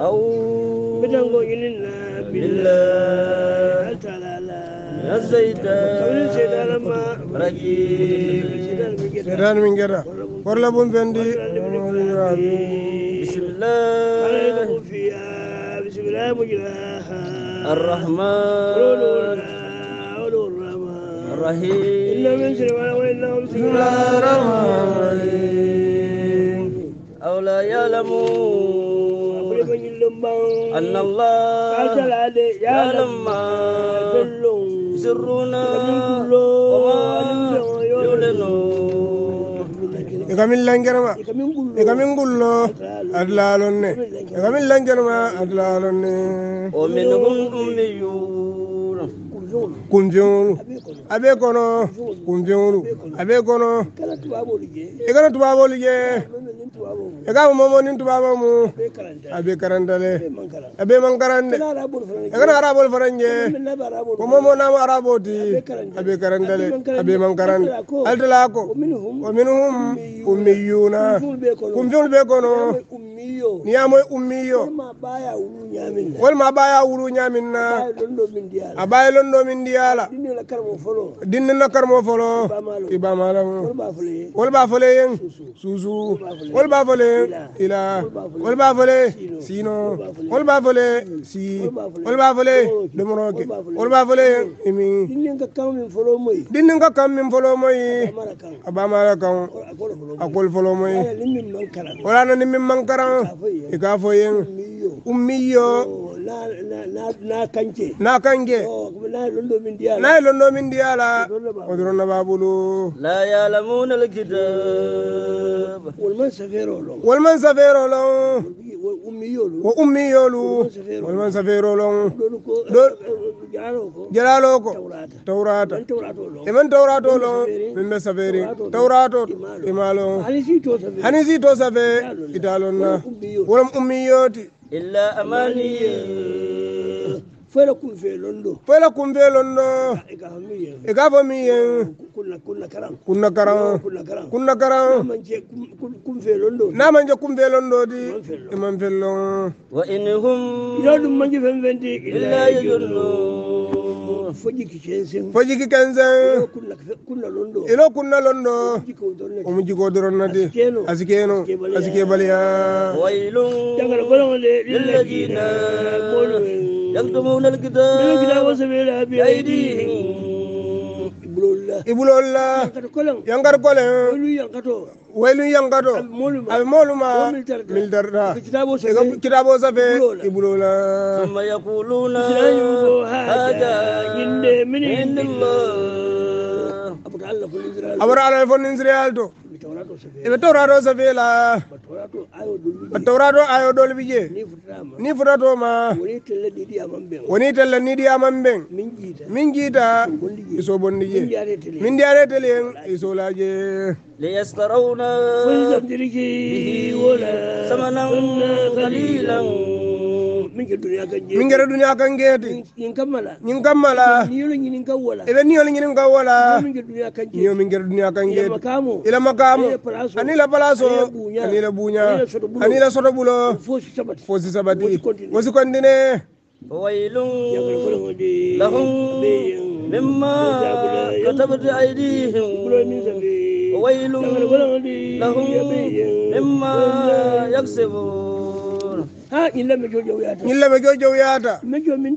أو بالله تعالى لا رجيم سيدنا من جرا ولا بون بسم الله الرحمن الرحيم إلا من الرحمن الرحيم أو لا يعلمون لمن أن الله أجل عليه يا لمن kono tubabolu je e ga momo nin tubabamu abe karantale ah, abe mankarande ah, e gana arabol farange ko momo namo araboti abe ah, karantale abe mankarande altalako wa minhum ummiyuna kum jol be kono niyamoy ummiyo wolma baya wulu ñaminna a baye londo min ndiyala dinnina karmo folo ibamalamu wol ba foleyeng susu wol kolba fole ila kolba fole sino kolba fole si kolba fole domoroke kolba fole imi dinnin ka kam min folo moyi abamara kan akol folo moyi wala na nimin mankara ika foyen ummiyo na kanke nay londo min ndiyala odrono babulu wolman safero long wo ummi yoolu wolman safero long jalalo ko tawrata emen tawrato long min be saferi tawrato imalon hani si to safe italonna wolam ummi yooti illa amani fo la kun fe londo fo la kun fe londo e ka fo mi yen kunna karan kunna karan namanje kum velon do di iman fellon wa innahum yadum manje fen fendi illa yurnu fojiki kensen ilo kunna londo omo jiko doronnadi asikeno asike baliya yaktumuna lkitab bi aidihim ibulolla yangar gole waylum yangato aɓe moluma mildarɗa kitabo safe ibulolaabota alah fon israel to eɓe tawrato safe la ɓe tawrato ayo ɗolɓiƴe ni furato ma woni tella nidi aman ben min jiita iso bondije min ndiyare tele en iso laje ليشترون ولا ثمنا قليلا mingere duniya kan geti ñin kammala ibe niyolu ñinin kan wala niyo mingere duniya kan geti ila makamu ani la palaso ani la buña ani la soto bulo fosi sabati wosi kontine ويل لهم مما يكسبون ñillame jo jow yaata mi jo min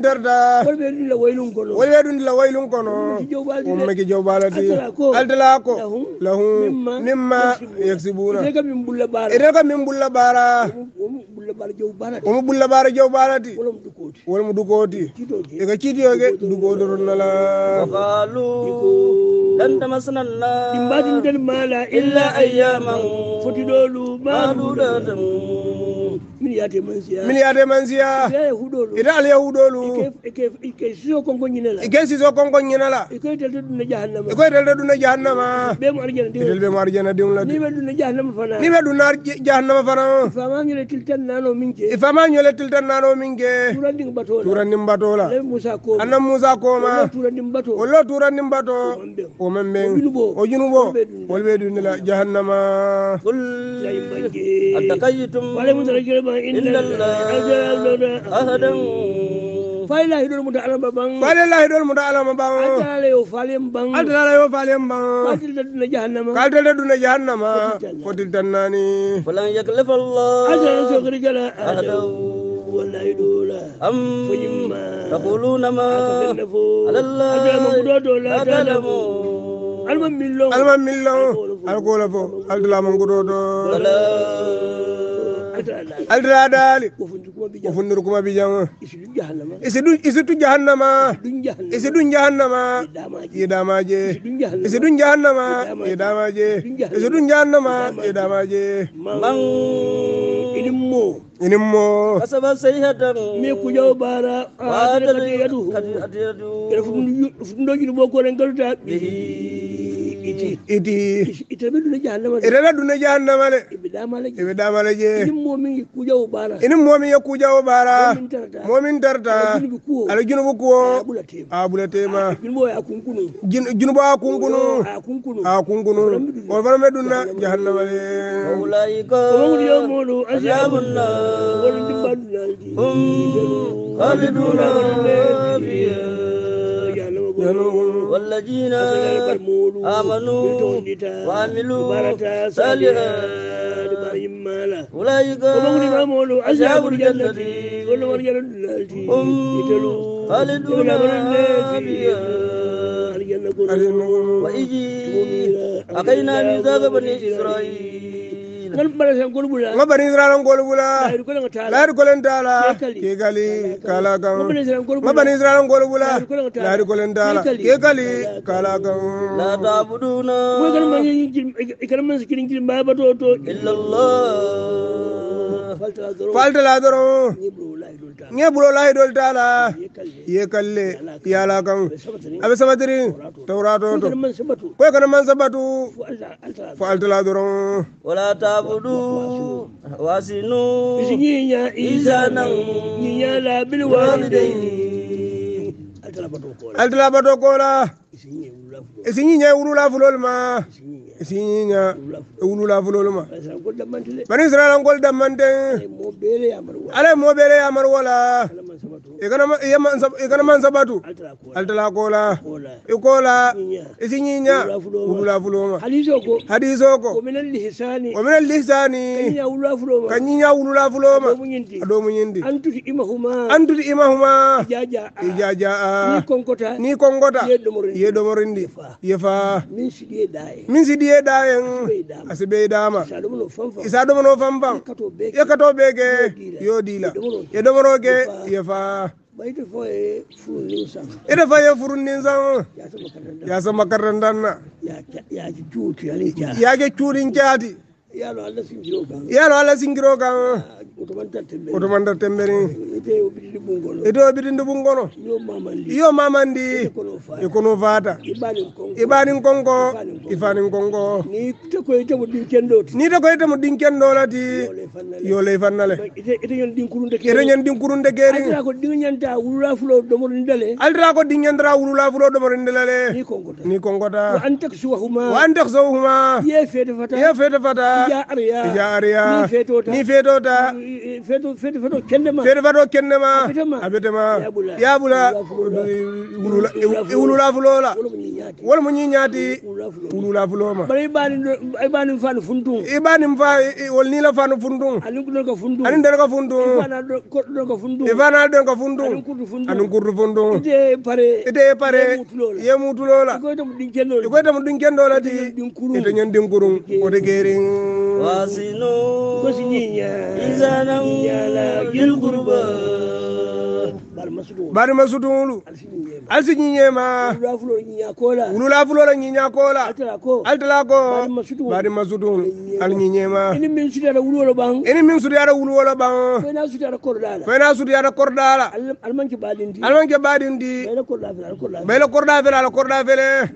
terta wol ɓe ɗundila waylum kono ummaki jow ɓaala di altala ko lahu mimma yegsi ɓuna eten kam min ɓulla ɓaara omo ɓulla ɓaara jow ɓaalati wolmo dukoti eko ciitiyoge dukodotonala fotiɗolu maɗuɗatam Thank you. milliard de mansia ita alya huɗolu ike siso konko ñinala ikoye tel ɗaɗuna jahannama ɓel ɓe mo arjana dim la ni ɓe ɗuna jahannama fana ifama ñole tiltan nano min ke turandim batola annam moussa koma wollo turandim bato o men ɓen o junuɓo wol ɓe ɗunela jahannama Falilah hidul muda alam bang. Falilah hidul muda alam bang. Adalah yo falim bang. Alhamdulillah yo falim bang. Kadil dah dunia jahannam. Kadil dah dunia jahannam. Ya Ada. aldirado ali o fonndir kuma bijama e si ɗum e sittu jahannama e si ɗum jahannama yidamaje e si ɗum jahannama yidamaje e si ɗum jahannama yidamaje enim moomikujawbaraaaaɗu ɗoƴiɗu ɓo koren galutaɓe iti itabe dune jahannama itabe dune jahannama le ibe damale je ini momi kuja o bara ini momi ah, ya kuja o bara momin darta ala junubu kuwo a bulatema junubu a kunkunu a kunkunu o fana be dunna jahannama le ulaika modu azabunna wala dimba dunna hum khaliduna fiha والذين آمنوا وعملوا صالحات أولئك أصحاب الجنة هم خالدون فيها وإذ أقينا ميثاق بني إسرائيل ma bari israel an golu bula lahari golen dala kekali kala kan ma bani israel an golu bula lahari golen dala kekali kala kan ma kana masikirin kirin baya ba to to illallah falta la doron ñe bulo lahi dol tala yekalle yala kan aɓe sabatiri tawrato to koy kana man sabatu fo alta la doron wala tabudu wasinu izanan alta la bato kola esi ñiña wulula fulolu ma esi ñiña wulula fulolu ma bani israil an gol dammanten ala mo ɓele yamar wola ikana man sabatu altala kola i kola esi ñiña wulula fuloma hadise ko omina lihsani kan ñiña wulula fuloma a domuñindi antuti imahuma ijaja'a ni kongota ye ɗomorindi yefa min sidiye ɗa en asibe dama isa ɗomono fam fam yakkato ɓe ke yo dila ye ɗomoro ke yefa ede fa ye furundin san yaso makaranta na yake cuɗin cati yaalo allah singiro gam otomandar ah, temberi ete o ɓiɗinde ɓunngono yo mamandi e kono faata iɓanin konko ifanin konko ni to koye temo ɗin kenɗolati yo ley fannale ete ñan ɗin kurunde keri aldira ko ɗin ñandara wurula fulo ɗomorindelale ni konkotaantek sowhuma ye fete fata jaariya ni fetota feto fato kendema a betema yabula wululafulola wolemu ñi ñaati wululafuloma i banin fani funtun i banin fa wol nila fani funtun anin dol ka funtun i fana don ka funtun anin kurtu funtun ite pare ye mutulola i ɗin kendola ti ite ñen ɗin kurun ote ɓar masudu ulu alsi ñiñema wulula fulola ñiña kola altala ko ɓari masudu ulu al ñiñema ini min sudiyata wulwolo ɓan fena sudiyata kordala almanke ɓadindi ɓayla korda fele ala korda fele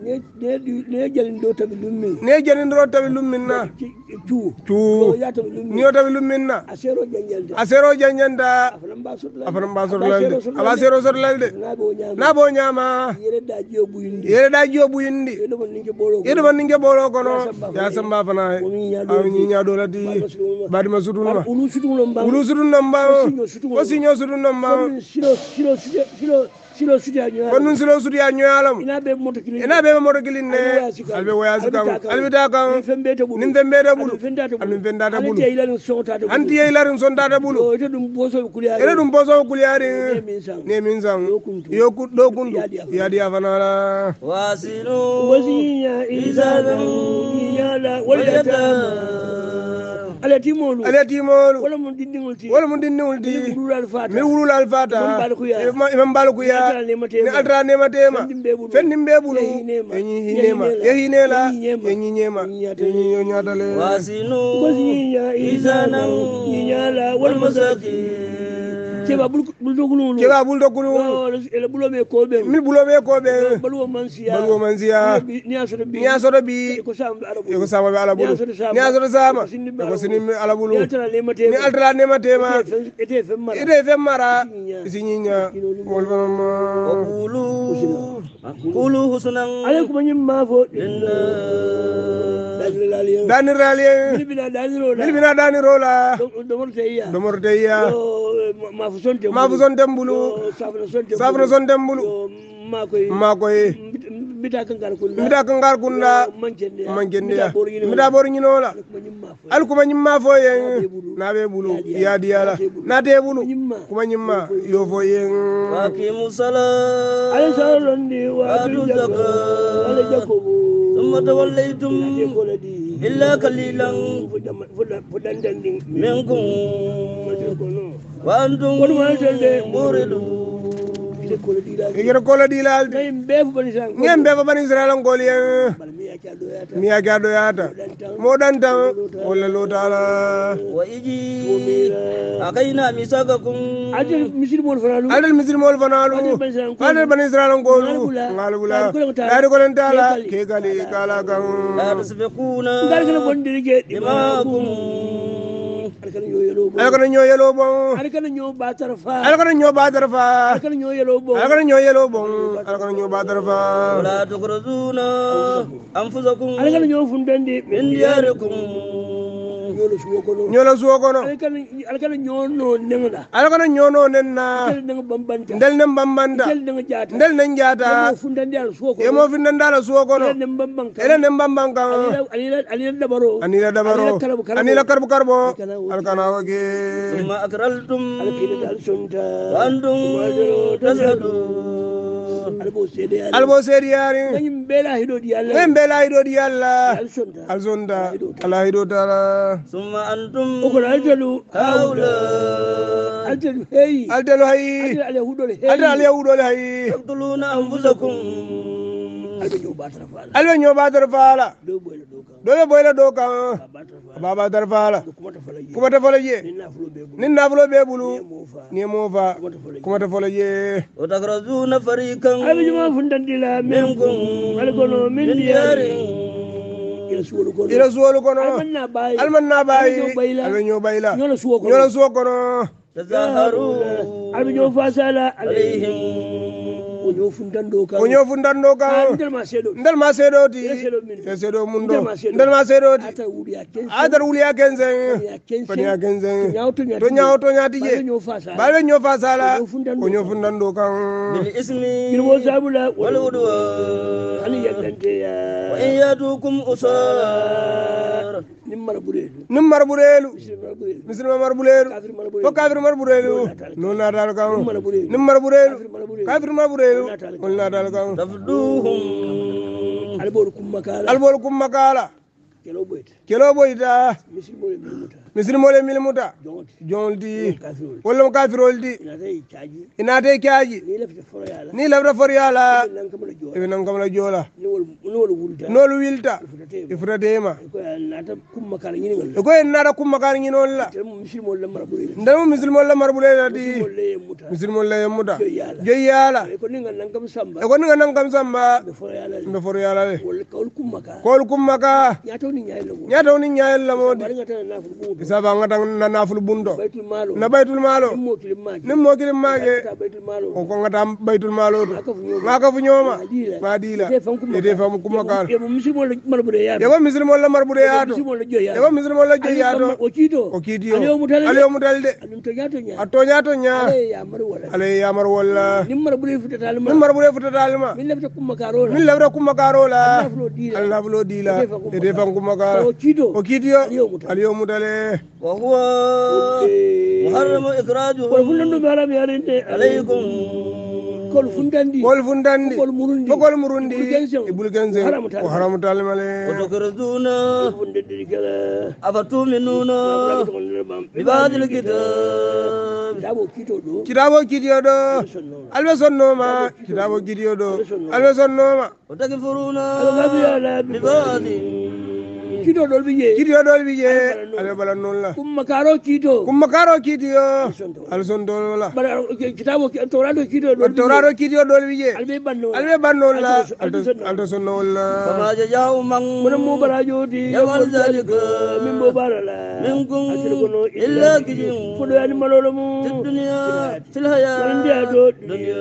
ne jalindiro tabi lummin na ñootami lummin na a sero jañanta afanam mba sotlalde awa sero sotlalde naaboo ñaama yere ɗa jio ɓuyinndi yeɗuma ni nge ɓoolo kono yasamba fana amiñiña ɗolati ɓaɗima sutunma wulu sutunno mbaa o siño sutunno mbaa silo studio kon nun silo studio a ñoyalamo ena ɓeɓe moto guilin ne alɓe woyasi kam alɓita kam nin fen ɓeeta ɓuulu amin fendata ɓuulu anti yeylarin sondata ɓuulu ene ɗum bosowo kuliyari ne min san yo ɗo kundu yaadi yafanala alaa timolualaa timolu wala mum ɗinɗiwulti wala mum ɗinɗiwulti min wurulal fata imam mbalkuya ni altara nematema fenndin ɓe ɓulu eñi hinema yehinela eñi ñema eñi ñadale wasinu isana ñiñala walmasakin keɓa ɓuldogunuu keɓa ɓuldogunuuele ɓulome e koɓe mi ɓulome e koɓe baluwo mansiya baluwo mansiya niasoto bi niasoto bi ko samɓe ko samaɓe ala ɓolu niasoto sama ko sinimɓe ala ɓolu mi altata nema tema ete fem mara siñiña wolfanama ale kuma ñim mafo danirlalie danirola danirola domorteya domorteya mafu zone dembulu safno zone dembulu makoye mbita ko ngar gunda mangendeya mi dabor ñinola alkuma ñimma foye nawe bulu yadi yala nade bulu kuma ñimma yo foye ثم توليتم illa kalilan fudan dandin minkum wa antum muridun hijira golo ɗiilalde ngen mbefa ban israel ngol yen mi yaki aɗo yaata moɗan tan walla lotala adel misidmol fanalu adel ban israel ngolu ngal wula ɗaade golen tala kegali kala kan alkana ñoo yelo bon alkana ñoo batarfa. bon alkana ñoo batar fa alkana ñoo batar fa yelo bon alkana ñoo yelo bon alkana ñoo batarfa. fa la tukruzuna anfusakum alkana ñoo fundendi min diyarikum ñolo suwo kono alakana ñono nenda alakana ñono nenna ndel nen bambanta ndel nen jata yemo findandala suwo kono ele nen bamban kan anila dabaro anila karbo karbo alakana wake ثم أكرلتم وأنتم تزهدون albo seedi yaari min bela hiɗo ɗi allah alzonda ala hiɗo dala aldelo hayi aldel al yahuɗole hayi alɓe ñoo ɓatar faala dole boyla ɗo kan baba tar fala kumata fola ye nin nafulo ɓe ɓulu ni e mo fa e kumata fola ye otakrasuna farikan alijuma fundandila min kun alikono min diyari ila suwolu kono alman na bayi alɓe ño bayla ñola suwo kono tazaharu alɓe ño fasala alayhim o ñoofu danɗo kaondelma seeɗoti e seeɗo mum ɗo ndelma seeɗoti adar wuliya quinzen pania quinzen to ñaawo to ñaati ƴe baɓe ñoofa sala o ñoofu danɗo kan num mar ɓurelu misilma mar ɓurelu fo kafir mar ɓurelu non natal kan num mar ɓurelu kafir mar ɓurelu alboro kumma kala kelo ɓoyta misirimole mil muta jonlti wollemo kafirolti inate caaji ni lafta for yala ɓe nankamala joola nol wilta e fotateema ekoye e nata cummakar ñinolla ndemo misirimol la marɓulela ti misirimol la yemmuta joy yaala e ko ninga nankam samba e mbe for yala ɓe kool cummaka ñatawni ñayel lamodi isaba ngata na naful bundo na baytul malo nim mo kilim mage o ko ngata baytul malo to ngaka fu nyoma ma dila ite fam kuma kan yebo mo la mar bude yaato yebo misrimo la mar bude yaato yebo misrimo la o kiito o kiiti yo ale mu de a to to nya ale ya mar wala nim mar bude futata nim mar bude min labta kuma karola min labta kuma karola al naflo dila ite fam kuma karola o kiito o kiiti yo ale mu de وهو محرم إخراجهمقل فندنقل مرنديبلجنزهرم تعلمل وتكرزون أفتومنون ببعد الكتاب kitabo kidiyo ɗo alɓe sonnoma kitabo kidiyo ɗo alɓe sonnoma otakifuruna kido dol bi je kido dol bi je ala bala non la kum makaro kido kum makaro kido yo son dol la bala kitabo torado kido dol do kido dol bi je albe banno albe banno la alson no la fama jaa mang mun mo bala jodi wal zalik min bala barala min kun illa kijin fudo yani malolo mu dunya tilhaya dunya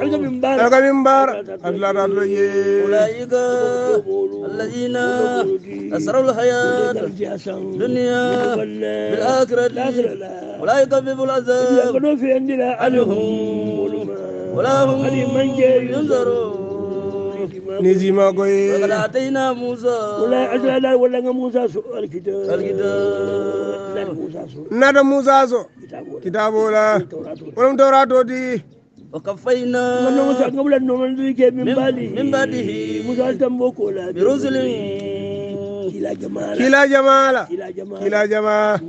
حلقة من بار حلقة من بار الله رضي أولئك الذين أسروا الحياة الدنيا بالآخرة أولئك بيبوا العذاب عنهم ولا هم ينظرون نزيما قوي وقد أعطينا موسى ولا أجل لا ولا نعم موسى سو الكتاب الكتاب نادى موسى سو كتابه لا ولم توراتو دي وكفينا من موسى قبل انه من ذي من بعده من بعده مجالتا بوكولا برزل كلا جمالا كلا جمالا كلا جمالا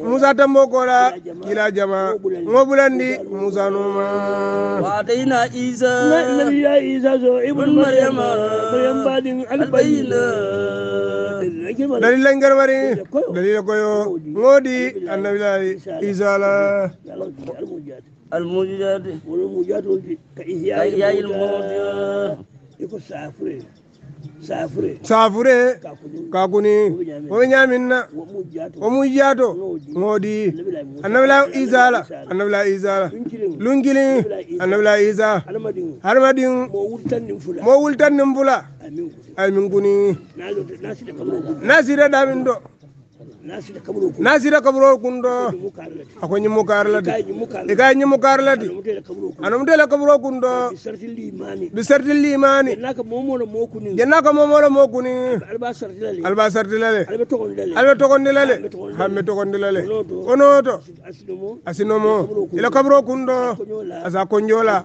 موسى تموكولا كلا جمالا موبلاندي موسى نوما وعطينا عيسى نبي يا عيسى زو ابن مريم مريم بعد البينا دليل لنجر مري almujjade wono mujjadoji kayiyayil mawdi iko safre safre safre kakuni oɓe ñaminna o mujjato moɗi annabla isala annabla isala lungili annabla isa harmadin mo wultan nin fula aymin kuni nasireɗamin ɗo nasira kaburo kundo akwenye mukarladi ikanye mukarladi anomutela kaburo kundo bisarti limani jennaka momola mokuni alba sartilale albe togondilale hamme togondilale onoto asinomo ila kaburo kundo asa konjola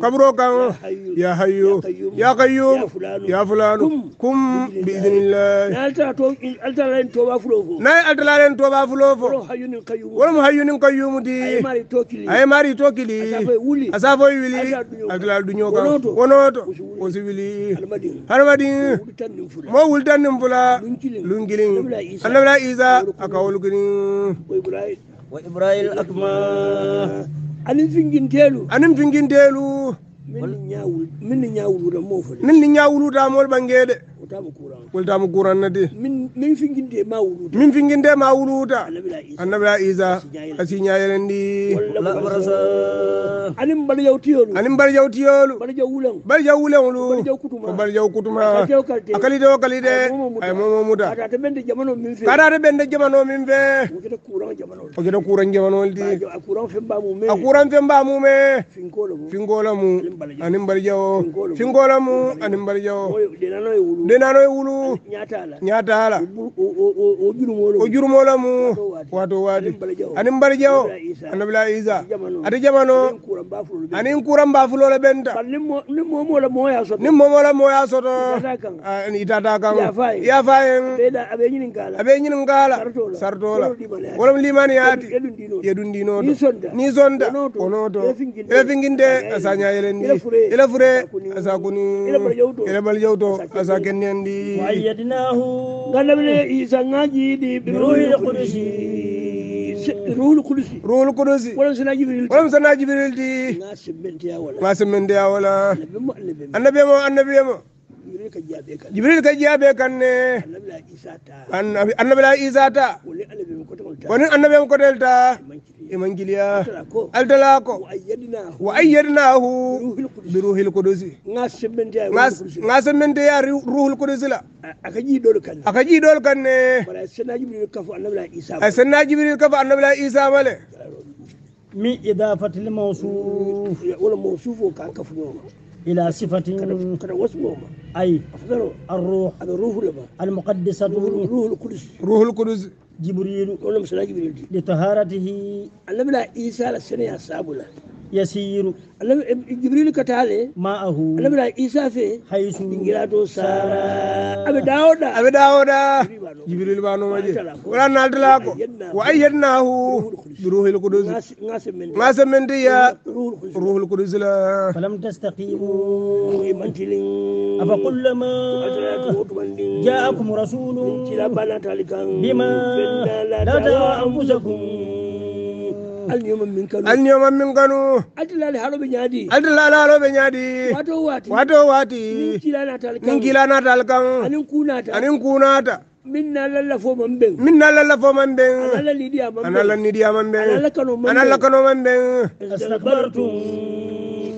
kaburo kan ya hayyu ya kayyum ya fulanu kum biidinillahi nayi addalaren toba fulo fo wolmo hayyunin kayyumu di aye mari to kili asafoy wili addalal duño ka wonoto osi wili harmadin mo wultannin fula lunkilin annabla isa aka wolkinin wa ibrahil akma anin finginteelu anin finginteelu min ni ñawuluta mofo nin ni ñawuluta mol ɓangede weltamo gouran nadi min finguinde ma wuluwuta annabila isa a siñayelen ndi anin bala jaw tiyolu bala jaw wulenlu o bala jaw kutuma a kalite o kalite ay momo muta kadata ɓende jamano min fe o jeta kuran jamanol di a kuran fen ba mume fingolamu anin bala jawo fingolamu anin bala jawo nenano e wulu ñatala o jurumola mu wato waadi anin mbaɗi jawo annabila isa ata jamano anin kuran bafulola ɓenta nin momola moya soto itata kan ah, yafa en aɓe ñinin kala sartola wolom limani yaati yeɗum ndinoto ni sonda onoto ele finginde asa ñayelendi ele fure asa koni ele bal jawto asa kenni gandi gandamine isangaji ɗi rohul kudusi wolam sana jibril di ma semmentiya wala annabiyamo annabiyamo jibril ka jiyaɓe kanne annabila isata woni annabiyam kotel ta émangilia e aldalako wa ayyadnahu bi ruhil kudusi ga sementeya ruhul kudusi la aka jiɗol kanne a senna jibril kafo annabila isa male mi ida fatil mawsuf ila sifatin ay alruh almuqaddisatu ruhul kudus jibrilu ɗo lom sona jibril di li taharatihi annabila isa la sene ya sabula yasiru jibril katale maahu alamira isa fe haysu ingira do sara aɓe dawoɗa aɓe dawoɗa jibril banomaje wala naldalako wa ayyadnahu ruhul kudus ga semmentiya e ruhul kudusla falam tastakimu imantili afa kullama jaakum rasulu bima la tara anfusakum alniyoma min kanu adilala haloɓe ñaadi wato wati min kila natal kan anin kunata min na lalla fo man ɓen an allah nidiyaman ɓen an allah kanoman ɓen astabartum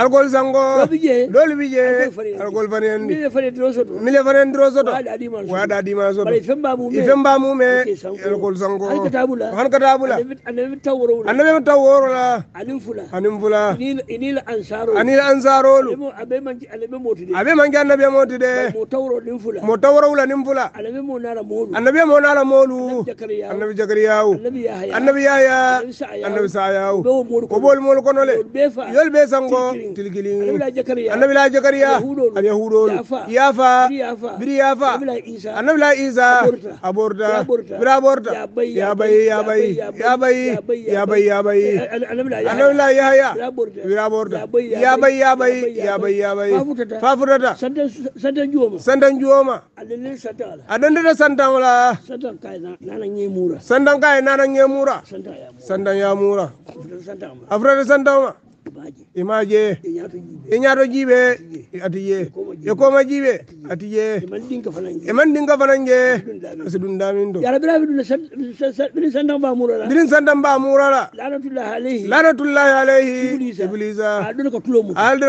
algol sango dol wije algol fani endi mille fani en dro soto waɗa ɗima soto ifemba mume algol sango han katabula annabima taw worola anim fula anil ansarolu aɓe manki annabia moti de mo tawrowla nim fula annabia mo nara molu annabi jakariyawu annabi yaya annabi sayawu ko ɓol mol konole yolɓe e tilgiling tilgilin annabila jakariya aɓe huɗol yafa biri yafa annabila isa aborda bira aborda yabayi yabayi ya yabayi ya yabayi yabayi ya annabila yahaya bira aborda yabayi yabayi yabayi yabayi fafutata santan juwoma adandata santan wala santan kaye nanan ye mura santan ya mura afutata sandang ma imaje iñato jiiɓe atiye e koma jiiɓe atiye eman man ɗinka fananje asi ɗum damin to birin ba mba murala lanatullahi alayhi iblisa alɗen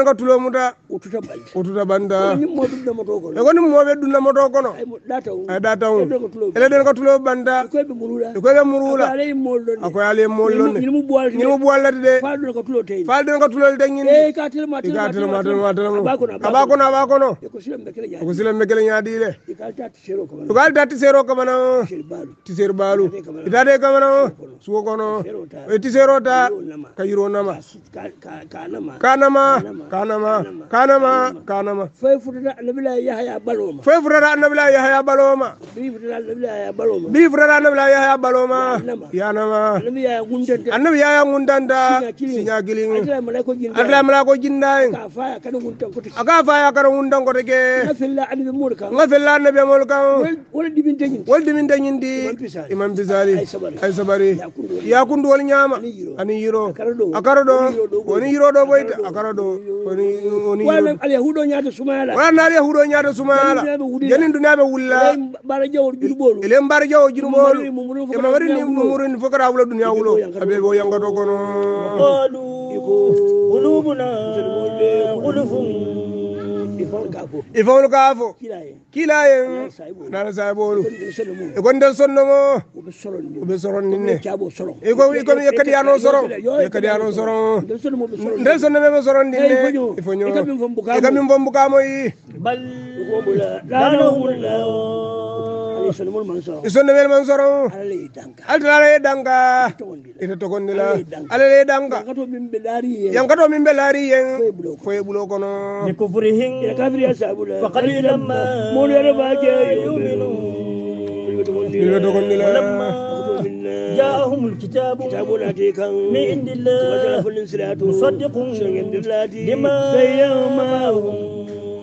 ko tulo muta o tuta banda e konin moɓe ɗunnamoto kono ay ɗa taw eleɗen ko tulo banda e koyeɓe murula akoye alaye mollonde ñinmu buwallati de fal den ka tulol dengindiaba kono aba kono ko silembe kele ñaɗile tugal ta tisero kamana o tisero balu itade kamana o suwo kono e tisero ta ka yiro nama ka nama ka nama ka nama ka nama foy futata annabila yahaya baloma bi futata annabila yahaya baloma yanama annabi yaya gundanta siña kilingi adla mala ko jindaen aga faya kara wun tan kote ke nga fella annabi amol kan wol diminte ñindi imam bisali ay sabari yakundu wol ñama ani yiro a kara ɗo woni yiro ɗo boyta a kara ɗo wala na alyahuɗo ñaata sumayala janin duniyaɓe wulla elen mbar jawo jirɓolu emamarini mumurini fo kara wula duniya wulo aɓeɓo yangato kono i fawlu ka fo kila yen nana sa ɓolu e kon nden sonnomo o ɓe soronnin ne ikon yakkadi yano soron yakkadi yano soron nden sonnomemo soronnin ne i e foño e kamin fombukamoyi e isonne weel man soro altanala ye danka ite togondila alala ye danka yankato min ɓe laari yen foye ɓulo kono ite togondila جاءهم الكتاب كتاب لدي كان من عند الله وسلف الانسلات مصدقون شنجن بلادي لما بيهما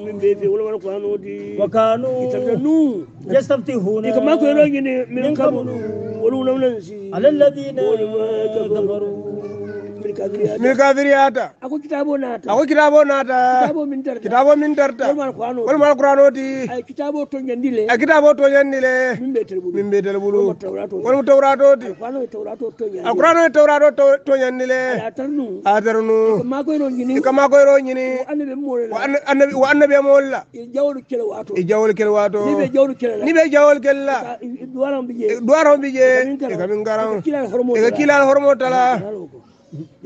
من بيفي ولا القرآن ودي وكانوا يتكنون يستفتحون إيه كما كانوا من قبل ولو لم ننسي على الذين كفروا milikafiriyata ako kitabo nata ako kitabo nata kitabo min darta walima alquran oti kitabo toñandile a kitabo toñandile min ɓetel ɓulu walima tawrato oti alquran oe tawrato toñandile a tarnu ka makoyro ñini wo annabi amol la e jawol kel wato ni ɓe jawol kel la duwaron bi je e kamin garan e kilal hormo tala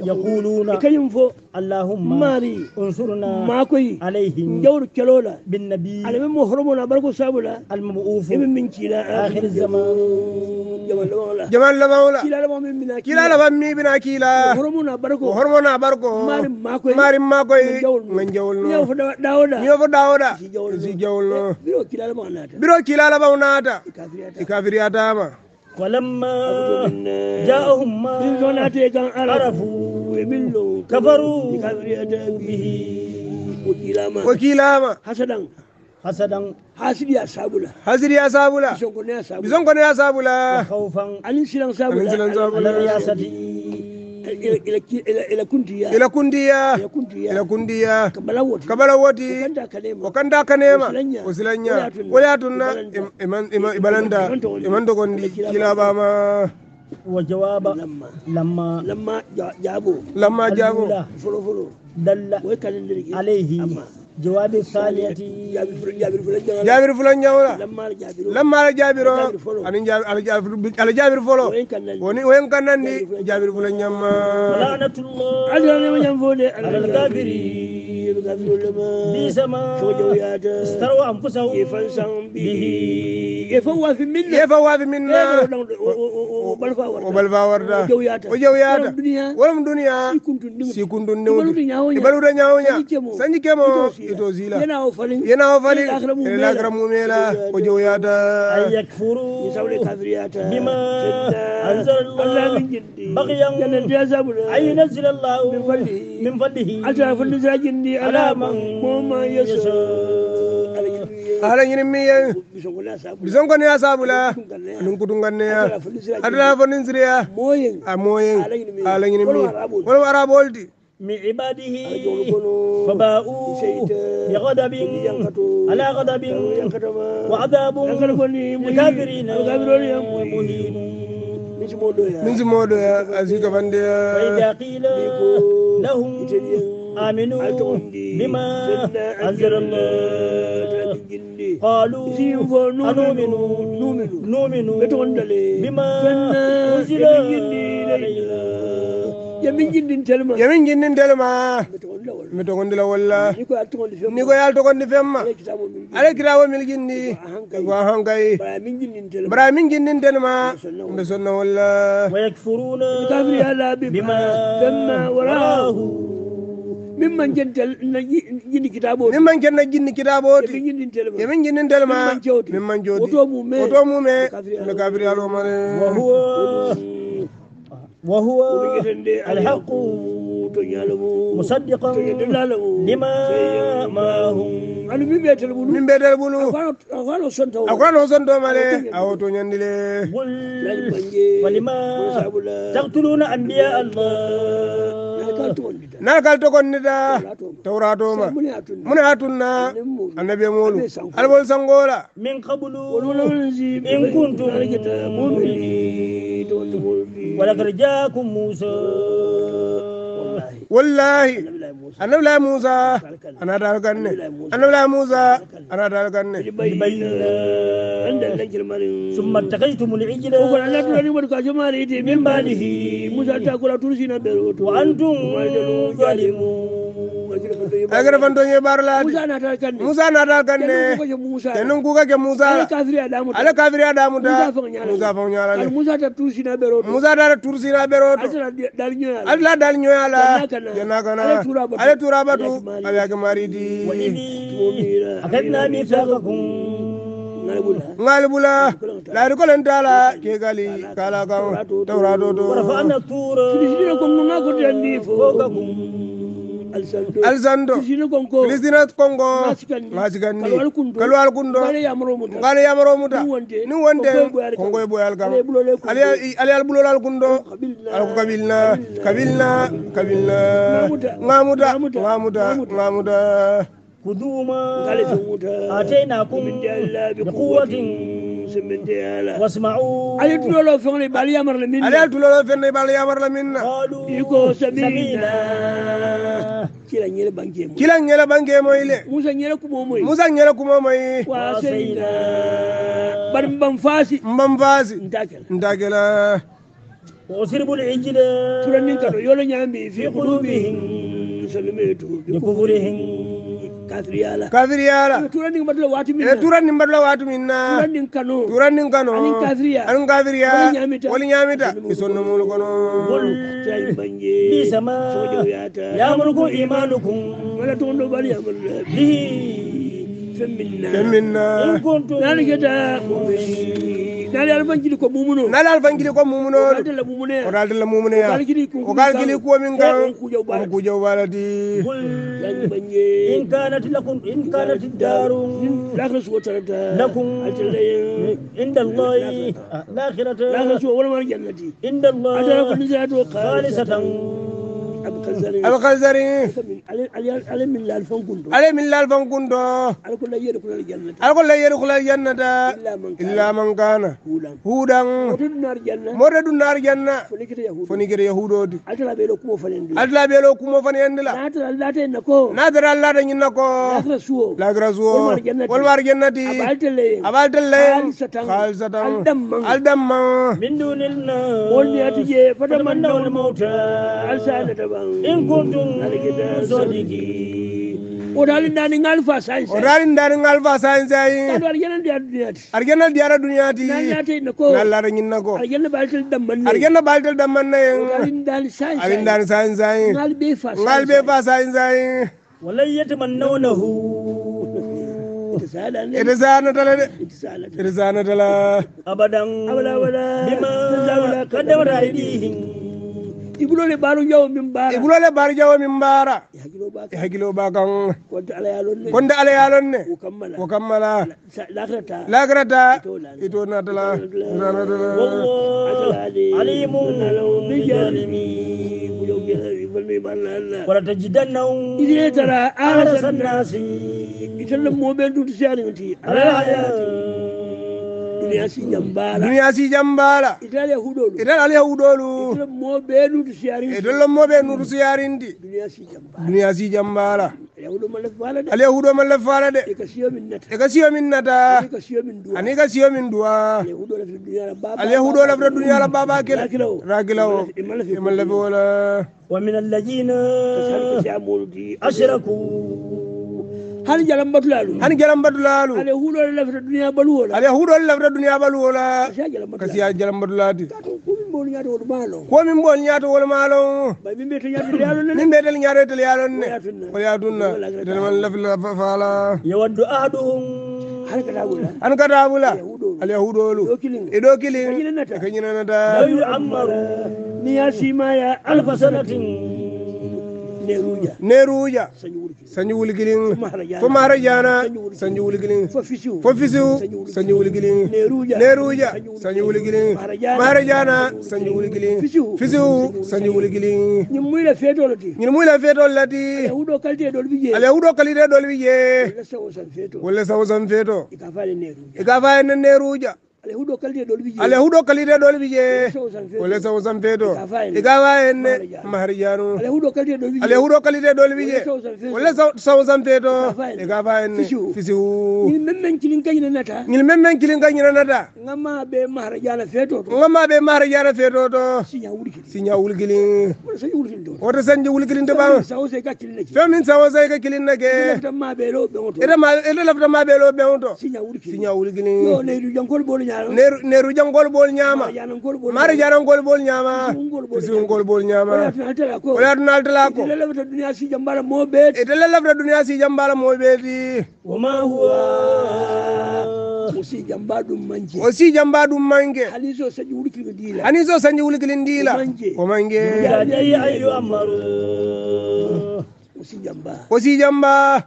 yaquluna kañum fo allahumma mari unsurna makoyi alayhi jawru kelola bin nabi ala men mo horomola barko sabula almabuufu emin min kiila akhir zaman jaman labaola kila laban mi bina kiila hormona barko marim makoy man jawolnomiofo dawoɗa si jawolno biro kiila laban naata i kafiriyatama ولما جاءهم ما عرفوا كفروا به وكيلاما حسدا hasadan hasidi ya sabula hasidi sabula bison ya sabula bison ya sabula khaufan alin sabula alin silan sabula ila kundiya ila kundiya kabala woti o kanda kanema o silanya wole atunna ibalanda iman dogondi kilaɓama wo jawaba lamma lamma jabo lamma jabo fofolo dalla alayhi jaabir fulo ñawla lammaala jaabir o aɗa jaabir folo woni wen kannandi jaabir fulo ñamma ɓefowaafi minnao balfa warda o jew yaada wolom duniya sikuntun newdi ɓaluda ñawoña sañi kemo ito sila yenawo fali lakra mumela o jew yaada min fadihi alañinimiye bisonkoniya sabula anum kutunganneya adala fonin siriya a moyen alañinimi wolum araboldi mi ibadihi fabau bigadabin ala gadabin wa adabun likafirinamuhin min simodoya asi kafandeya faida qila lahum aminu bima anzala qaluyamin jindin telma mi togondila walla ni ko yal togondi femma ala kirawo mil jindi ko ahankay bara min jindin telma mbe sonna wallaa min man jentel na jinni kitabo min man jenna jinni kitabo o min jinni tel ma min jinni tel ma min man jodi oto mumé oto mumé le gabriel omar wa huwa wa huwa alhaqu mbeeteɓuluaano sontoma le a oto ñandi le nakal togonnita tawratoma mune hatunna annabi e molu alabol sangola ولقد جاكم موسى wallahi annabilahi moussa ana dawe ganne annabilahi moussa ana dawe ganne summa takaytumul ijla ugol ala tulani wat kaso maaleyte min mbaalihi moussa takura tursina ɓeroto wa antum zalimun agre fan toñe ɓaro laadi moussa natal kanne tenum kukake moussa ala kafiri a damuda moussa fan ñalale moussa dara tour sina ɓeroto alla dal ñoyala yenakana ale touraɓatu awiyake maridi ngali bula laari kolen tala kegali kala kam tawra toto alisando prisidena congo masigandi kalu alkundo ngala yamaro muta ni wonde congo e ɓoyal kam ala al ɓulol alkundo alko kabilna kabilna kabilna gamuda gamuda gamuda kuduma ateina kum bequwatin ali tulolo fene bal yamar la min ali tulolo fene bal yamar la min na iko samina kila ñele banke mo kila ñele banke moy le musa ñele kumo moy musa ñele kumo moy wasina bar mbam fasi mbam fasi ndagela ndagela o sirbul injila turani kado yolo ñambi fi qulubihim sallimatu bi qulubihim kasriyala e turanni mbaɗula watumina turanni kano anin kasriyala woli ñamita mi sonno mulu konoaminna nali alfanjiri ko mumuno nali alfanjiri ko mumunoodoaldella mumuno odaldella mumuno ya o kal gili kuwa min gan on kuja ubaladi indallahi lakhiratu lakhiratu wa walamar jannati indallahi atara kunzatu khalisatan abkalsari ala millal fan gundo ala ko layyeri kulal jannata illa man gana huɗan morde ɗum naar janna fonikita yahudodi altala ɓeelo kumo fan yandila natara allata ñinna ko lagra suo wol war jannati abaltelle halsatan aldamma mindunilna wolniatije fatamanna wol mawta alsanataba in kuntum sodiki o dali ndani ngalfa sainsa o dali diara duniyati arjana diara duniyati nallate na baltel damman ne arjana baltel damman ne ari ndani sainsa ari ndani sainsa yi ngal be fa ngal be fa tala ibulole baro jawo min mbara ibulole baro jawo min mbara e hakkilo ba kan e konde ala yalon ne o kammala lagrata ito natala walata jiddannaw idiretara aasannasi itallam moɓen dutusiyanigoti alahayati duniya si jam mbaala itali alayha huɗolu e dollommo ɓe nuɗu si yarindi e duniya si jam mbaala alayha huɗo malle faala de e ka siyo min nata e e ani ka siyo min duwa alayha huɗo lafta duniyala baba kel ragilawo e mallefe wala wa min allahina asraku hani jalam batulalu hani jalam batulalu ale huɗole lafta duniya ɓaluwola ale huɗole lafta duniya ɓaluwola kasiya jalam batulati komin bol ñaato wol maalon min mbetel ñaato etel yaalon ne ko yaatunna etel man lafla faala yewaddu aɗu an katabula alya huɗolu e ɗo kilin e ko ñinanata ammaru niya simaya alfa sanatin neruja sañu wulgiling fumahara diana sañu wulgiling fo fisiw sañu wulgiling neruja sañu wulgiling fumahara diana sañu wulgiling fisiw sañu wulgiling ñin muyla fetol lati ala huɗo kalite dol wije wolle sawo san feto igafa ne neruja alay huɗo qualité ɗol wije wole sawo san feeto iga wa henne mahari diano alay huɗo qualité ɗol wije wole sawo san feeto iga fa henne fisi u ngil men men kilin kañina nata ngamma ɓe mahara diana feeto to signa wulkilin wota sañde wulkilin de ɓan femin sawo sa ka kilin nake ede lafta ma ɓeelo ɓeŋo to signa wulkilin neru jam gol bol ñama mari jaran gol bol ñama sun gol bol ñama wala tun al tala ko e tala la fata dunya si jam bala mo beti wa ma huwa osi jamba ɗum mange hani so sañi wulkilin ndiila o mange osi jamba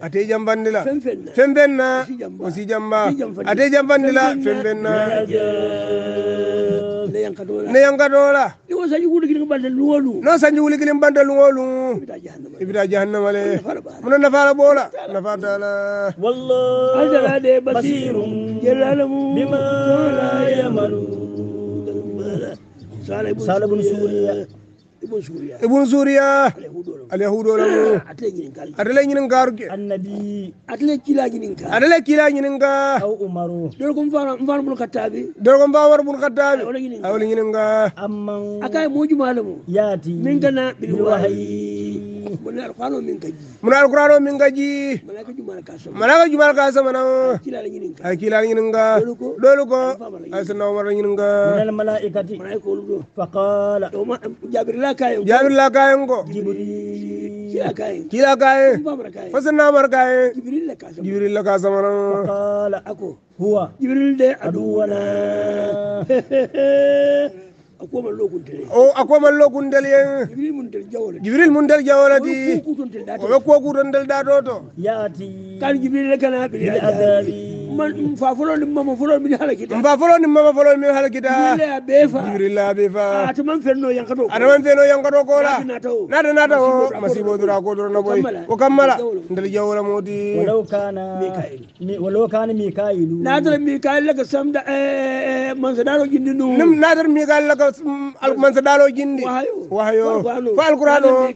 ate jambandila fenfenna osi jamba ate jambandila fenfenna ne yankatola no sanji wuli kilim banda luŋolu ibita jahannama le muno nafala bola nafa tala salabun suriya ibun suriya ala huɗolamo ata le ñinin garuke ata le kila ñininga dorko fa war bun kattaɓe awol ñininga akay mojumalemo yati min gana bilwahi mun alkuran o min gaji malaka jumal ka sama nan a kila ɲininka lolu ko asana umar la ɲininka jabirila kayen ko kila kaye fasana umar kaye jibril la ka sama nan huwa jibril de aduwana o a komal logun del yen jibril mum del jawoladi o wekkokutondel ɗa ɗo to yaati kan jibril kanaɓe mfa folo ni mama folo mi hala kita mfa folo ni mama folo mi hala kita jibrila befa jibrila befa ata man fenno yanka do ata man fenno yanka do ko la nada nada o masibo dura ko dura na boy o kammala ndal jawra modi walau kana mikail walau kana mikail nadar mikail laka samda man sadaro jindi no nim nadar mikail laka man sadaro jindi wahayo fa alqur'ano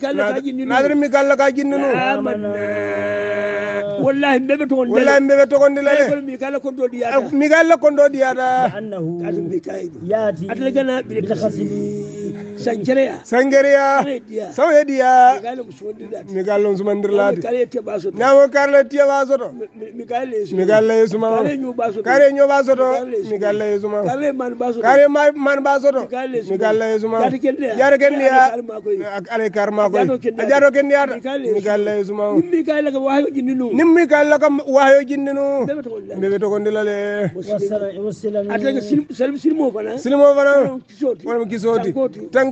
nadar mikail laka jindi no wallahi mbebe to gonde wallahi mbebe to gonde la mi galla kon ɗo ɗiyata mi galla kon ɗo ɗiyata annahu katum ɓe kayiɗo yaati atala gana ɓiɗe kasimi sangereya sangereya saw heɗiya mi galloo sumandir laadinamo karla tiye ɓasoto mi galla yesumao e e e kare ño ɓasoto mi galla yesumao kare man ɓasoto mi galla yesumao jaro kenndiya alay karma koy a jaro kenndiyata mi galla yesumao nim mi galla kam wahyo jinndi nu mbewe togondilale silmo fana silmo fana wonam kisooti tan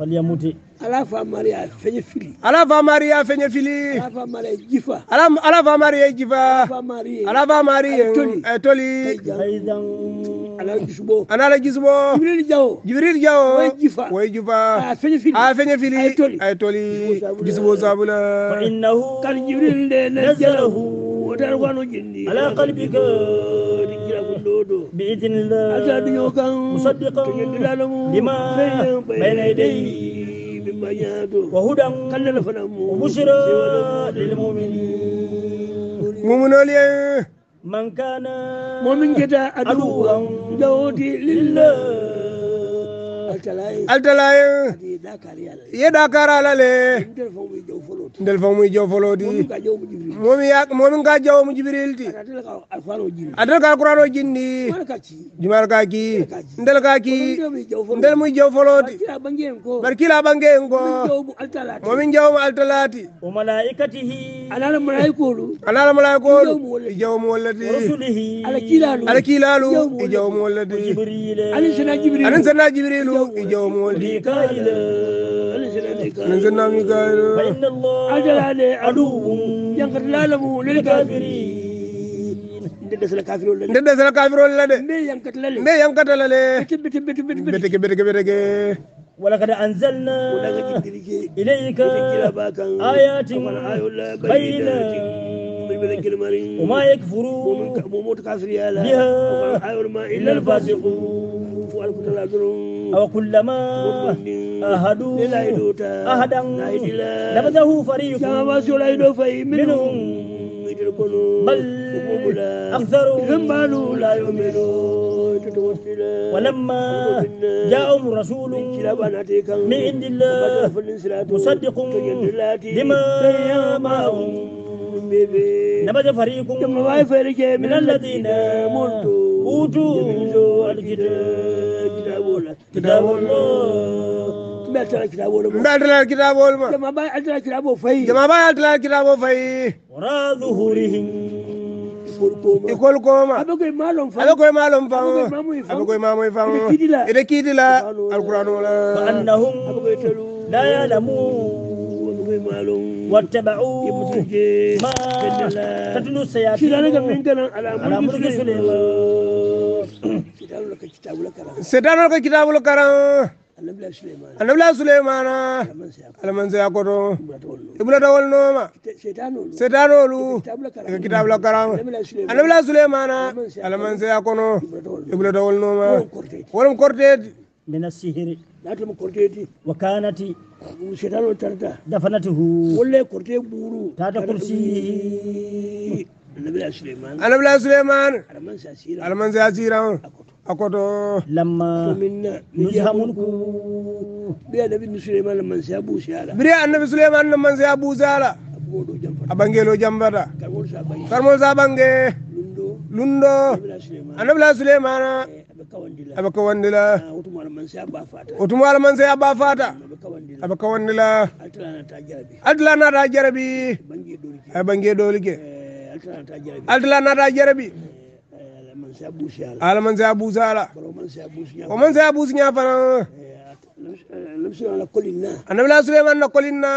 falyamut alafa maria fenye fili alafa maria fenye fili alafa maria jifa alafa maria jifa alafa maria etoli eh, aidan ana ala jisubo jibril jawo jibril jawo way jifa way jifa a ah, fenye fili ay ah, etoli jisubo sabula fa innahu kan jibril de nazalahu wa tarwanu jinni ala qalbika بإذن الله مصدقا لما بين يديه وهدى وبشرى للمؤمنين مؤمنون من كان مؤمن كتا عدوا جودي لله التلاي التلاي يدكر على له ndel fof mum jofolodi momi yak momi ga jawomo jibril ti adal ka kuran o jinni jumal ka ki ndel ka ki ndel mum jofolodi bar kila bange en go momi jawomo altalati o malaikati hi alala malaikolu alala malaikolu jawomo wallati ala kilalu jawomo wallati alin sana jibril alin sana jibril jawomo wallati ميكائيل نزلنا ميكائيل فإن الله عجل عليه عدو ينقر لاله للكافرين ndedesla kafirol lade ndedesla kafirol lade mbe yankatalale mbe yankatalale tibbi tibbi tibbi tibbi tibbi tibbi tibbi tibbi ولقد أنزلنا إليك آيات بينات وما يكفرون بها إلا الفاسقون أو كلما أهدوا أهدا نبذه فريق منهم بل أكثرهم لا يؤمنون ولما جاءهم رسول من عند الله مصدق لما معهم nabaja farikumo wawi farike min alladina mondu utu o alkita kitabol kitabollo jama ɓay altalal kitabo fayi ikolkomaaɗa koye malom fan aɗa koye mamoye fan ede kiidila alqouranola sedanoka kitabul karan annabila souleymana alamansaya koto ibulata wolnoma sedanolu ka kitabula karan annabila souleymana alamansaya kono ibulata wolnoma wolom kortedi natimo corté di wa kanati setano tarta dafanati hu wolle corté ɓuuru tata kursi anabila souleymane alaman sa sira o a koto lamma somina nusamunku bi anabi nu souleymane laman sa bousala bri annabi souleymane laman sa bousala a ɓangelo jambata karmol sa ɓange lundo lundo anabila souleymane aɓe kawandila otumo alaman sey abba fata aɓe kawandila altala nata jarabi a bangue ɗolike altala nata jarabi alaman sey abou sala omansey abou siña fana annabila souleiman na kolinna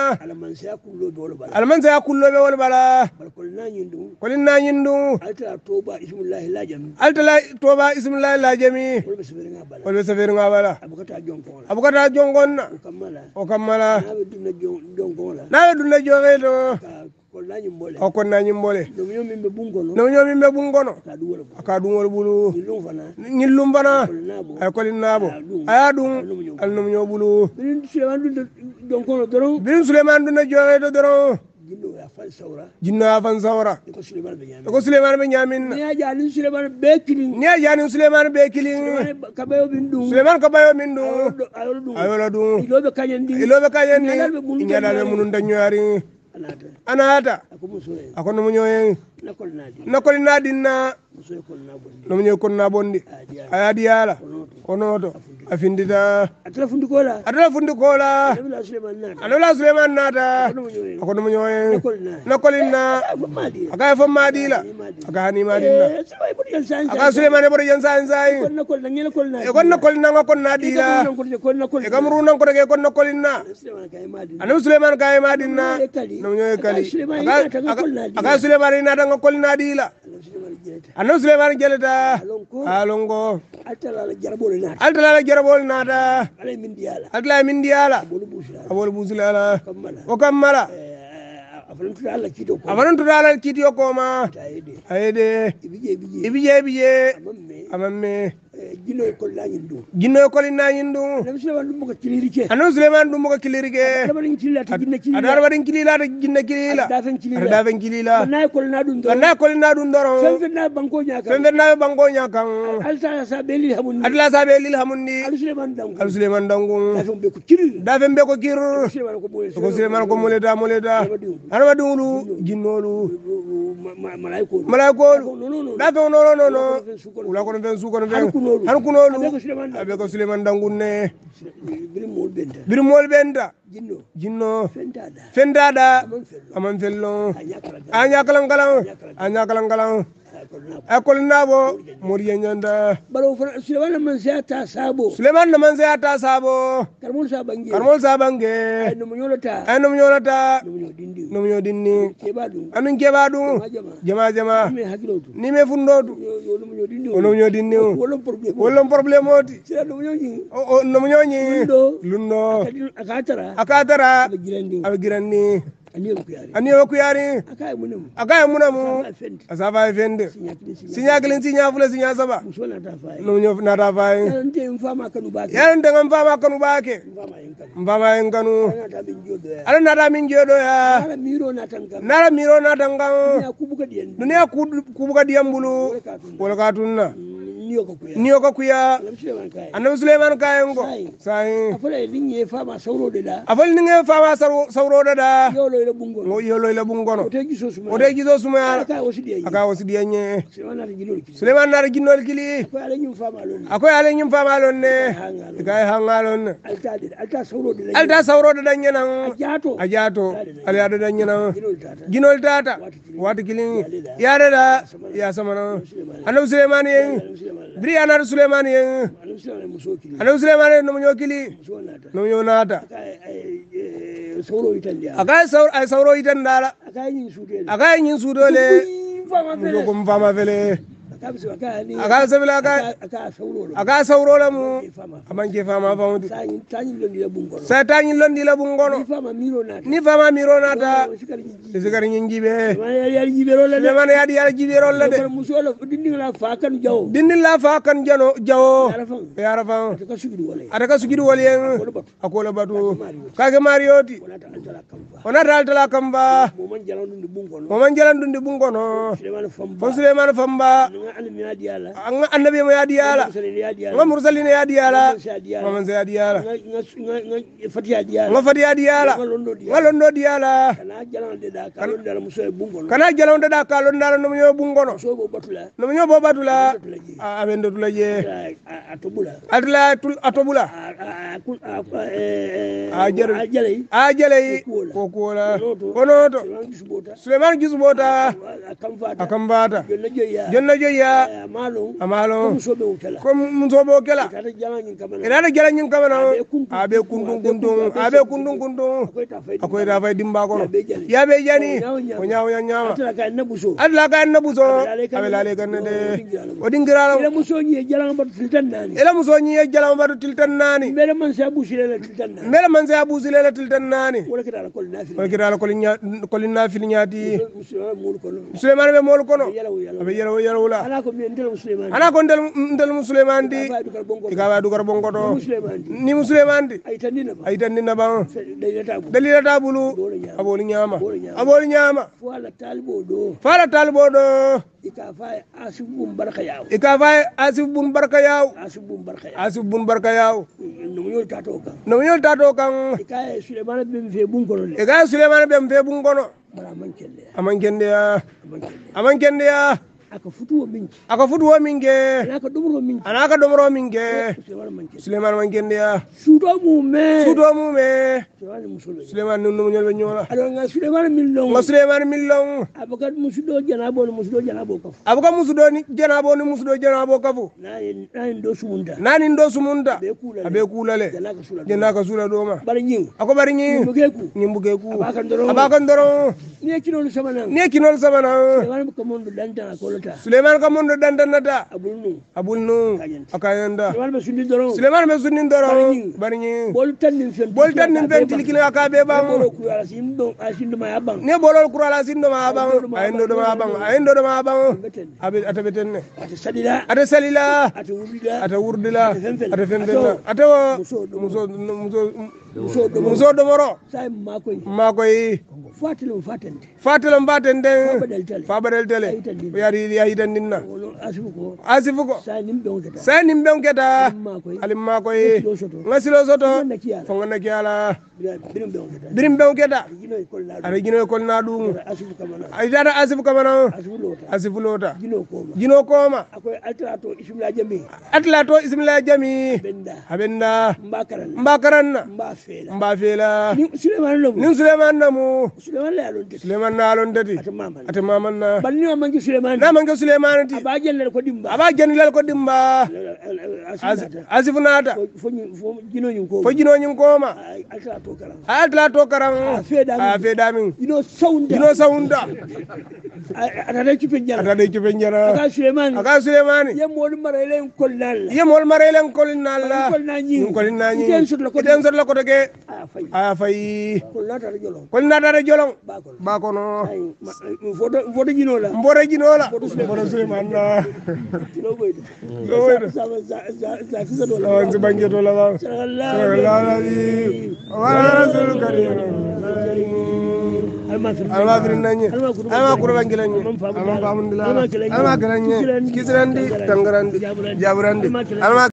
almansaya kulloɓe wol bala kolinna ñindum altala toba ismillahi lajami wolɓe saferga bala abukata jongonna o kammala naɓe dunna jongeto o kon na ñimbole nom ño min ɓe ɓunngono a ka ɗumol ɓulu ñil lum fana ay kolin naabo aya ɗum al nom ño ɓulu birin souleiman ɗum ne joxe to doron jinno ya fan sawra eko souleimane ɓe ñaminnani a e janin souleimane ɓe kilinsouleimane ko ɓayo min ɗum ayola ɗum iloɓe kañandi iloɓe kañandi ñaɗaɓe munun dañoyarin ana ada a ko no muñoyeni nokoli naɗinna nomo ñoy konna bonɗi a yaadi yaala konoto a findita a tola fundi koola anola souleyman naata ako nomo ñoye nokolinna aka fo maɗila aka hanimaɗinna aka souleymane ɓoto jan sayi sayi e kon nokolinna ngo eh, kon naɗila e kam runankotoke kon nokolinna anomo souleymane kaye maɗinna nomo ñoye kali aka souleymane inatan ko kollinaɗi yila anam souleymane dielata alongo altalala jaraɓole nata altala min ndiyala abol busulala o kam mala afanantuta alal kiiti yokkoma ayede ibije ibije amamme jinoy kol nañin ɗum jinoy kol nañin ɗum nabi souleymane ɗum moko kiliri ke anon souleymane ɗum moko kiliri ke aɗa waɗin kililata jinna kilila aɗa waɗin kililata jinna kilila aɗa dafen kilila aɗa dafen kilila nayi kol na ɗum ɗon nayi kol na ɗum ɗoron fen fen naɓe banko ñakan fen fen naɓe banko ñakan alta sa ɓe lil hamundi atla sa ɓe lil hamundi aɗa souleymane dangu aɗa souleymane dangu dafen ɓe ko kiril dafen ɓe ko kir ko souleymane ko moleda moleda aɗa waɗi wulu jinnolu malaykolu malaykolu dafen nononono wula kono fen sukono fen har kunoolu aɓe ko souleymane dangun ne biri mool ɓenta jinno fentaɗa aman fellon a ñakalankalao a ñakalankalao école naabo moriya nyanda baro suleman man zata ya sabo suleman na man zata ya sabo karmol sabange bange karmol sa bange ay no ñolata ay no ñolata no ño dinni anun keba dum jama jama ni me fundodu no ño dinni wolon problème wolon oti no ño ñi no lundo akatara akatara abe aniyewe kuyari akaye munamu asaba efende sinya kilin sinya fula sinya saba nata natafaye yalo ndenga mfama kanu bake mfama enkanu ala nata min jodo ya nara miro natanga dunia kubuka diyambulu wala katunna mm. niyo ko kuya annabi suleiman kayan go sai afala din ye fama sauro de da afal din ye fama sauro de da yo ile bungo no yo lo ile bungo no ote gizo suma ote gizo suma aka wosidiye aka wosidiye nye suleiman na ginol kili akoy ale nyum fama lon akoy ale nyum fama lon ne kay hangalon alta de alta sauro de alta sauro de dan nyenan ajato ajato ale ada dan nyenan ginol tata wati kilin yare da ya samana annabi suleiman ye bri anata souleymane yen anam souleymane nomo ño kili nomo ño naata akay e, e, e, sawr ay sawro yitan dala akay ñin suudole ko mi fama fele aka sabila aka sawro lemu aman ke fama famuti sa tañin londi la bungono ni fama miro nata e sikari ñin jiɓe lemana yaadi yala jiɓerol la de dindin la fa kan jano jawo yara fan ya ada ka sugidi wol yen akola batu kake mariyoti onata altala kamba moman jalan dundi bungono fo suleymane famba an ga annabi ma yaadi yaala an ga mursalina yaadi nga mansa yaadi yaala nga fati yaadi yaala nga londo di yaala kana jalonde ɗa ka londala nomo ñoo bungono nomo ñoo bo batula aɓen dotula je atula atobula a jeley ko kuwola konoto souleymane jusbota a kambata jonna joyi ya amalo eh, amalo ah, musobo kela irada jala nyin kamana abe kundun kundun abe kundun kundun akwai da fai dimba kono ya be jani o nyaawo ya nyaama adla ka na buso abe lale kan de o dingirala ila muso nyi jala ngam tiltan nani ila muso nyi jala ngam tiltan nani mele man sa busile la tiltan nani mele man sa busile la tiltan nani la kidala kol nafi wala kidala kol nya kol nafi nyati suleman be mol kono abe yelo yelo la ana ko ndel musulémane di ikawa dugar ɓongo ɗo ni musulémane di a yitandina ban oh. dalilata bulu aɓoli ñama aɓoli ñama fala talibo ɗo ika fay asif bun barka yaw asif bun barka yaw nomo ñol tato kan ikaye suleymane ɓem fe bun kono e aman kendeya aman kendeya aka futuwo min ge aka futuwo min ge ana aka ɗumro min ge ana aka ɗumro min ge suleiman man gende ya suuto mume suuto mume suleiman nunnumoñol ɓe ñoola aɗo ga suleiman millon ga suleiman millon abakat musuɗo janabo no musuɗo janabo kafu abakat musuɗo ni janabo ni musuɗo janabo kafu nanin do sumunta nanin janaka ako abakan doron ni kinol ni e kinol suleiman ko mon ɗo ɗantana kolo suleymane ko mun ɗo dandannata abul nu akayenda suleymane ɓe sunnin doro barñi ɓoli tannin fen tilkili aka ɓe ɓamu ni ɓolol kura la sinɗoma a ɓan a yendo ɗoma a ɓan a yendo ɗoma a ɓan ata ɓetenne ata salila ata wurdila ata fenfena ata muso sodomoro makoy fatelem faten de fabaɗel télé yaya yitandinna asifu ko sa nim ɓeng keta alim makoy gasilo soto fonga naki ala birim ɓeng keta aɗa jino école na ɗumu ayitata asifu kamana asifu lota jino koma atlato ismila jami aɓenda mbakaranna mbafela nin suleman namu suleman na alondeti ate maman na n'a manke suleman ti aba jennilal ko dimba asifu naata fo jinoñin koma a tila to karan a feedamin jino sawunda atade cupen jara aka sulemani yemol maraylen kolnalla yemol maraylen kolnalla kolnañi iten sotla kotoke de aa fay kol natata jolong bakono mboto jinola mboto jinola mboto souleymana owaysi bange tola baaalaai walarasulukadi alma firinnañe alma kuro bangilañe alma famudila alma gilañe kisirandi tangarandi jaburandi